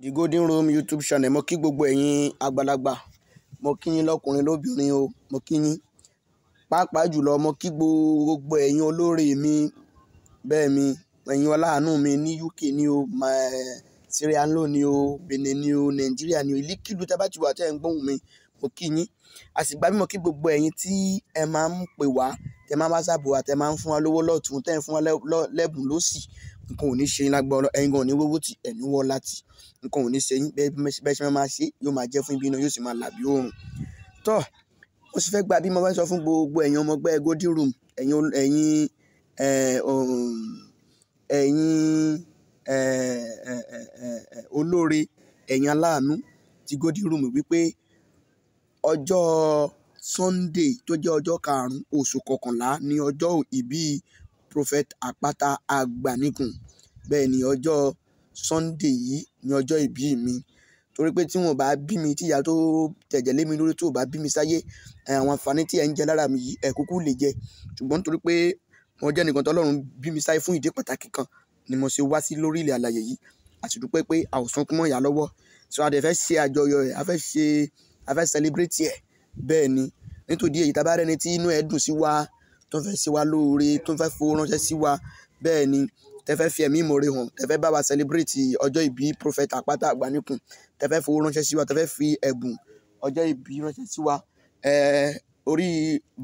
the golden Room youtube channel mo kí gbogbo ẹ̀yin àgbàlagbà mo kí yín lọ́kùnrin lóbìnrin o mo kí yín pàápàá jùlọ mo kí gbogbo ẹ̀yin olóore mi bẹ́ẹ̀ mi ẹ̀yin ọláàánú mi ní uk ní o sierra leone ní o benin ní o nàìjíríà ní o ìlíkìlú tá a bá ti wà tẹ́ ń gbóhùn mi mo kí yín àsìgbà bí mo kí gbogbo ẹ̀yin tí ẹ máa ń pè wá tẹ máa ń wá sábò wa tẹ máa ń fún wa lówó lọ́tún tẹ́ ń fún wa lẹ́bùn lósì nǹkan ò ní ṣe yín lágbára ẹ̀yin gan ò ní rówó tì ẹ̀mí wọ́ láti nǹkan ò ní ṣe yín bẹ́ẹ̀ ṣe máa ṣe yóò máa jẹ́ fún ibi iná yóò sì máa là bí oòrùn tọ́ mo sì fẹ́ gba bí mo bá ń sọ fún gbogbo ẹ̀yin ọmọ ẹgbẹ́ golden room ẹ̀yin ẹ̀yin ẹ̀yin olóore ẹ̀yin aláàánú ti golden room wípé ọjọ́ Sunday tó jẹ́ ọjọ́ karùn-ún oṣù kọkànlá ní ọjọ́ ìbí prophet àpáta àgbànìkùn bẹ́ẹ̀ ni ọjọ́ sunday yìí ni ọjọ́ ìbí mi torí pé tí wọn bá bí mi tíya tó tẹ̀jẹ̀ lé mi lórí tó bá bí mi sáyé àwọn àǹfààní tí ẹ̀ ń jẹ lára mi yìí ẹ̀ kúkú lè jẹ ṣùgbọ́n torí pé mo jẹ́ nìkan tọ́lọ́run bí mi sáyé fún ìdí pàtàkì kan ni mo ṣe wá sí lórí ilẹ̀ àlàyé yìí àṣìdúpẹ́ pé àwòsàn kún mọ́ ìyá lọ́wọ́ so a dẹ̀ ṣe àjọyọ̀ ẹ̀ a fẹ́ ṣe a fẹ́ celebrate ẹ̀ bẹ́ẹ̀ ni nítorí èyí tá a bá rẹ́ni tí inú ẹ̀ dùn sí wa tó fẹ́ ṣe wá lóore tó fẹ́ fowó ránṣẹ́ sí wa bẹ́ẹ̀ ni tẹ fẹ́ fi ẹ̀mí ìmoore hàn tẹ fẹ́ bá wa celebrate ọjọ́ ìbí prophet àpáta àgbáníkùn tẹ fẹ́ fowó ránṣẹ́ sí wa tẹ fẹ́ fi ẹ̀bùn ọjọ́ ìbí ránṣẹ́ sí wa orí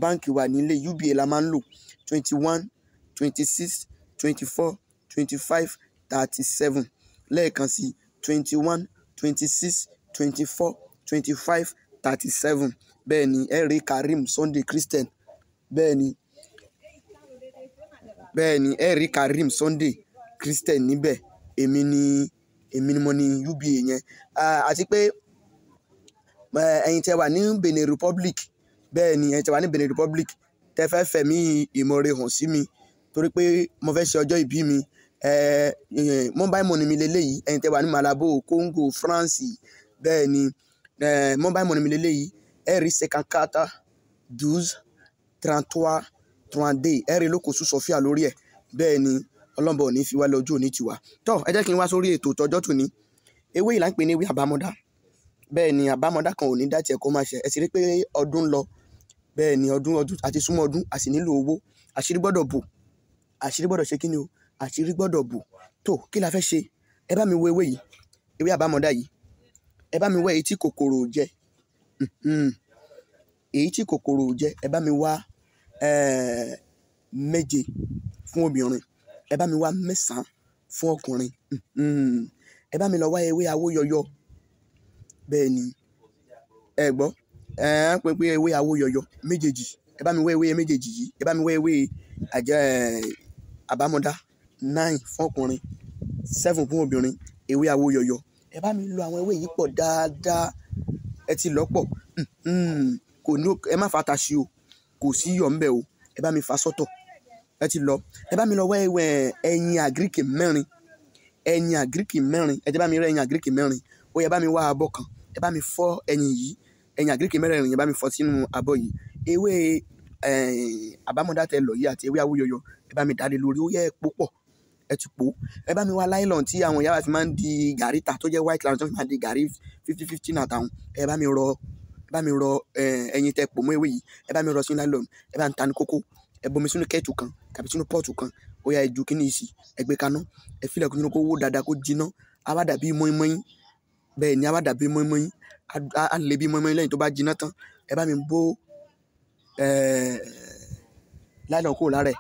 báǹkì wa nílé UBA la máa ń lò twenty one twenty six twenty four twenty five thirty seven lẹ́ẹ̀kan sí twenty one twenty six twenty four twenty five thirty seven bẹ́ẹ̀ ni ẹ̀rí Karim Sunday Christian bẹ́ẹ̀ ni bẹ́ẹ̀ ni ẹ rí Karim Sunday Christian níbẹ̀ èmi ni èmi ni mo ní UBA yẹn àti pé ẹ̀yin tẹ́ wà ní Benin Republic bẹ́ẹ̀ ni ẹ̀yin tẹ́ wà ní Benin Republic tẹ́ fẹ́ fẹ̀mí ìmọ̀re hàn sí mi torí pé mo fẹ́ ṣe ọjọ́ ìbí mi mobile money mi lélẹ́yìí ẹ̀yin tẹ́ wà ní Malabo Congo France bẹ́ẹ̀ ni mobile money mi lélẹ́yìí ẹ rí sekankata douze trente-trois trande ẹ̀rẹ́ ló kò sùn sọ́fíà lórí ẹ̀ bẹ́ẹ̀ ni ọlọ́mọbọ̀ ní fi wá lọ́jọ́ òní tiwa tọ́ ẹ jẹ́ kí n wá sórí ètò tọjọ́ tòní ewé yìí là ń pè ní ewé àbámọ́dá bẹ́ẹ̀ ni àbámọ́dá kan ò ní dá tiẹ̀ kó máa ṣe ẹ sì rí pé ọdún ń lọ bẹ́ẹ̀ ni ọdún ọdún àti súnmọ́ ọdún a sì nílò owó àṣírí gbọ́dọ̀ bò àṣírí gbọ́dọ̀ ṣe kí ni o àṣírí gbọ́dọ̀ bò tó kí la fẹ́ ṣe ẹ bá mi wo ewé yìí ewé àbámọ́dá yìí ẹ bá mi wá èyí tí kòkòrò ò jẹ hmm, hmm. èyí tí kòkòrò ò jẹ ẹ bá mi wá Eh, méje fún obìnrin ẹ bá mi wá mẹ́sàn fún ọkùnrin hmm, ẹ bá mi lọ wá ewé awóyọyọ bẹ́ẹ̀ ni ẹ gbọ́ ẹ ń pè pé ewé awóyọyọ méjèèjì ẹ bá mi wá ewé méjèèjì yìí ẹ bá mi wá ewé àjẹ eh, àbámọ́dá nine fún ọkùnrin seven fún obìnrin ewé awóyọyọ ẹ bá mi lo àwọn ewé yìí pọ̀ dáadáa ẹ ti lọ́pọ̀ hmm, hmm, kò ní ẹ má fa ta sí o kò sí iyọ̀ ńbẹ o ẹ bá mi fa sọ́tọ̀ ẹ ti lọ ẹ bá mi lọ wẹ́wẹ́ ẹyin àgíríkì mẹ́rin ẹyin àgíríkì mẹ́rin ẹ ti bá mi rẹ́ ẹyin àgíríkì mẹ́rin ó yẹ bá mi wá abọ́ kan ẹ bá mi fọ́ ẹyin yìí ẹyin àgíríkì mẹ́rin yẹn bá mi fọ́ sínú abọ́ yìí ewé àbámọ̀dá tẹ lọ yìí àti ewé awúyọyọ ẹ bá mi dálé lórí ó yẹ epo pọ̀ ẹ ti po ẹ bá mi wá láìlọ́n tí àwọn ìyá wa fi máa ń di gàrí ta tó jẹ́ white láìlọ́n tó fi máa ń di gàrí fifty fifty náà táwọn ẹ bá mi rọ bá mi rọ ẹyin tẹ pò mọ́ ewé yìí ẹ bá mi rọ sínú nylon ẹ bá ń ta ní kókó ẹ bomi sínú kẹ́ẹ̀tù kan tàbí sínú pọ́ọ̀tù kan ó yá ẹjú kíní ìsì ẹ gbé kaná ẹ fílẹ̀ kó jiná kó wó dáadáa kó jiná á wá dàbí mọ́ínmọ́ín bẹ́ẹ̀ ni á wá dàbí mọ́ínmọ́ín á lè bí mọ́ínmọ́ín lẹ́yìn tó bá jiná tán ẹ bá mi bó nylon kúrò lára ẹ̀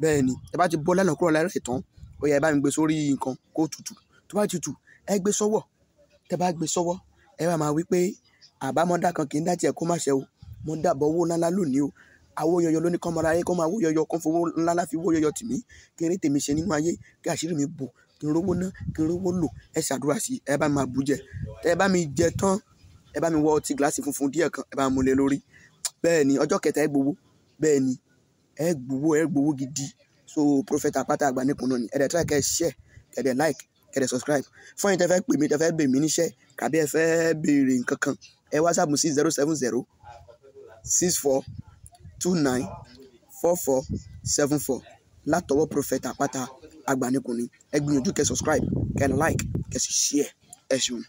bẹ́ẹ̀ ni ẹ bá ti bó nylon kúrò lára ẹ̀ tán ó yá ẹ bá mi gbé sórí nǹkan kó tutù tó bá tutù ẹ gbé sọ́wọ́ tẹ bá gbé sọ́wọ́ ẹ bá máa wí pé àbámọ́dá kan kì í dá tiẹ̀ kó má ṣe o mo dàbọ̀ owó ńláńlá lónìí o àwo yọyọ lóní kọ́ mọ́ra ayé kọ́ máa wó yọyọ kọ́ fowó ńláńlá fi wó yọyọ tìmí kí eré tèmi ṣe nínú ayé kí àṣírí mi bò kí n rówó ná kí n rówó lò ẹ ṣàdúrà sí ẹ bá mi máa bù jẹ ẹ bá mi jẹ tán ẹ bá mi wọ ọtí gíláàsì funfun díẹ̀ kan ẹ bá mu lé lórí bẹ́ẹ̀ ni ọjọ́ kẹta ẹ gbowó bẹ́ẹ̀ ni ẹ gbowó ẹ gbowó gidi so prophet Apata àgbà nìkan náà ni ẹ dẹ̀ try kẹ́ share kẹ́ dẹ̀ like kẹ́ dẹ̀ subscribe fún yín tẹ́ fẹ́ pè mí tẹ́ fẹ́ bè mí níṣẹ́ kàbí ẹ fẹ́ béèrè nǹkan kan ẹ whatsapp sí zero seven zero six four two nine four four seven four látọwọ́ prophet àpáta agbanikunni ẹ gbìyànjú kẹ́ subscribe kẹ́ like kẹ́ share ẹ ṣeun.